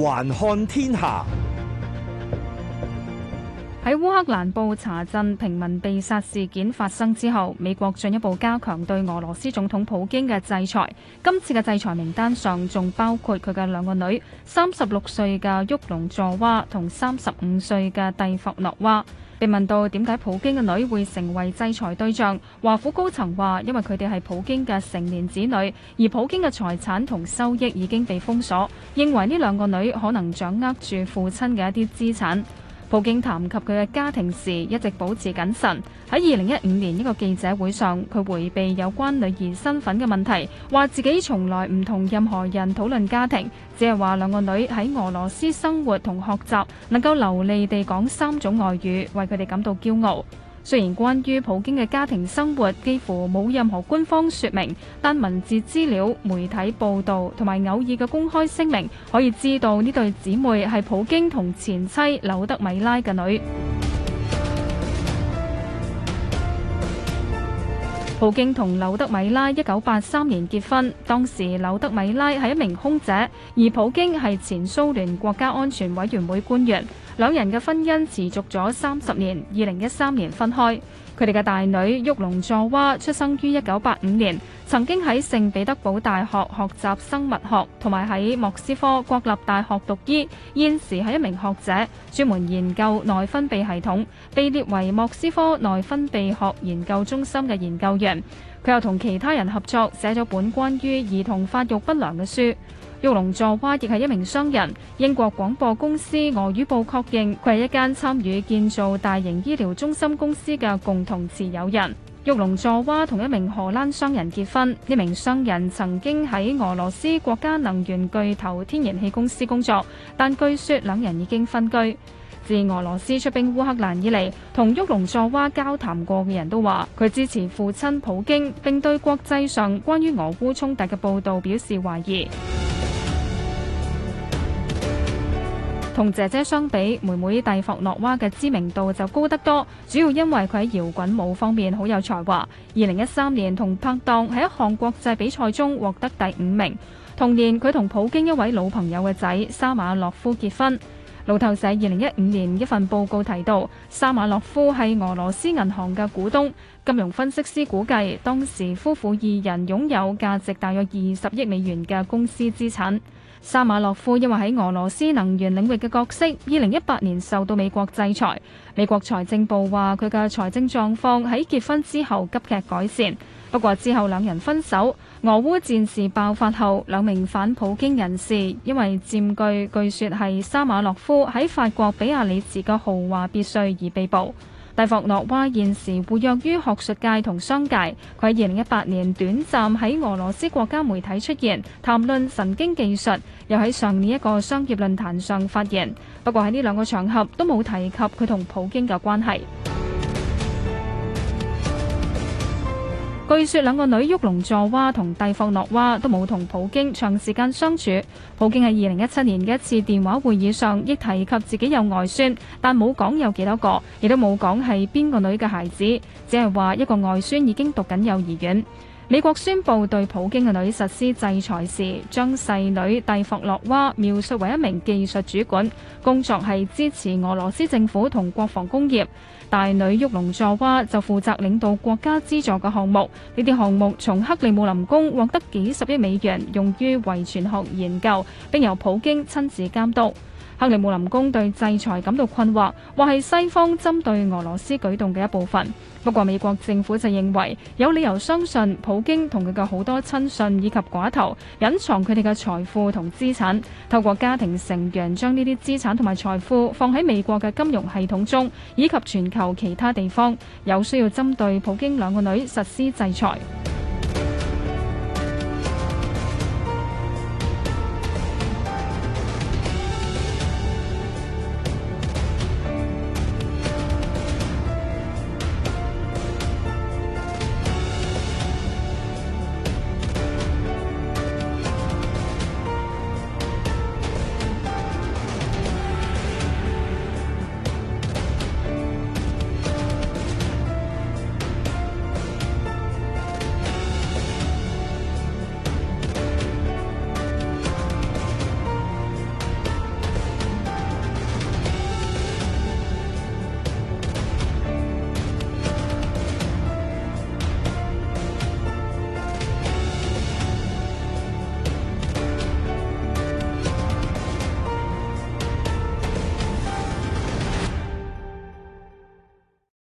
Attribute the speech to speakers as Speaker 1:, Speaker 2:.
Speaker 1: 環看天下。喺烏克蘭布查鎮平民被殺事件發生之後，美國進一步加強對俄羅斯總統普京嘅制裁。今次嘅制裁名單上，仲包括佢嘅兩個女，三十六歲嘅沃隆佐娃同三十五歲嘅蒂弗諾娃。被問到點解普京嘅女會成為制裁對象，華府高層話，因為佢哋係普京嘅成年子女，而普京嘅財產同收益已經被封鎖，認為呢兩個女可能掌握住父親嘅一啲資產。普京談及佢嘅家庭時，一直保持謹慎。喺二零一五年一個記者會上，佢回避有關女兒身份嘅問題，話自己從來唔同任何人討論家庭，只係話兩個女喺俄羅斯生活同學習，能夠流利地講三種外語，為佢哋感到驕傲。雖然關於普京嘅家庭生活幾乎冇任何官方說明，但文字資料、媒體報道同埋偶爾嘅公開聲明可以知道呢對姊妹係普京同前妻柳德米拉嘅女。普京同柳德米拉一九八三年結婚，當時柳德米拉係一名空姐，而普京係前蘇聯國家安全委員會官員。兩人嘅婚姻持續咗三十年，二零一三年分開。佢哋嘅大女沃龍佐娃出生於一九八五年，曾經喺聖彼得堡大學學習生物學，同埋喺莫斯科國立大學讀醫。現時係一名學者，專門研究內分泌系統，被列為莫斯科內分泌學研究中心嘅研究員。佢又同其他人合作，寫咗本關於兒童發育不良嘅書。沃隆佐娃亦係一名商人。英國廣播公司俄語部確認，佢係一間參與建造大型醫療中心公司嘅共同持有人。沃隆佐娃同一名荷蘭商人結婚，呢名商人曾經喺俄羅斯國家能源巨頭天然氣公司工作，但據說兩人已經分居。自俄羅斯出兵烏克蘭以嚟，同沃隆佐娃交談過嘅人都話，佢支持父親普京，并對國際上關於俄烏衝突嘅報道表示懷疑。同姐姐相比，妹妹蒂霍諾娃嘅知名度就高得多，主要因為佢喺搖滾舞方面好有才華。二零一三年，同拍檔喺一項國際比賽中獲得第五名。同年，佢同普京一位老朋友嘅仔沙馬洛夫結婚。路透社二零一五年一份報告提到，沙馬洛夫係俄羅斯銀行嘅股東。金融分析師估計，當時夫婦二人擁有價值大約二十億美元嘅公司資產。沙馬洛夫因為喺俄羅斯能源領域嘅角色，二零一八年受到美國制裁。美國財政部話佢嘅財政狀況喺結婚之後急劇改善，不過之後兩人分手。俄烏戰事爆發後，兩名反普京人士因為佔據據說係沙馬洛夫喺法國比亞里茨嘅豪華別墅而被捕。大佛諾娃現時活躍於學術界同商界。佢喺二零一八年短暫喺俄羅斯國家媒體出現，談論神經技術，又喺上年一個商業論壇上發言。不過喺呢兩個場合都冇提及佢同普京嘅關係。據說兩個女沃龍佐娃同蒂霍諾娃都冇同普京長時間相處。普京喺二零一七年嘅一次電話會議上，亦提及自己有外孫，但冇講有幾多個，亦都冇講係邊個女嘅孩子，只係話一個外孫已經讀緊幼兒園。美國宣布對普京嘅女實施制裁時，將細女蒂弗洛娃描述為一名技術主管，工作係支持俄羅斯政府同國防工業。大女沃龍佐娃就負責領導國家資助嘅項目，呢啲項目從克里姆林宮獲得幾十億美元，用於遺傳學研究，並由普京親自監督。克里姆林宮對制裁感到困惑，話係西方針對俄羅斯舉動嘅一部分。不過美國政府就認為，有理由相信普京同佢嘅好多親信以及寡頭隱藏佢哋嘅財富同資產，透過家庭成員將呢啲資產同埋財富放喺美國嘅金融系統中，以及全球其他地方，有需要針對普京兩個女實施制裁。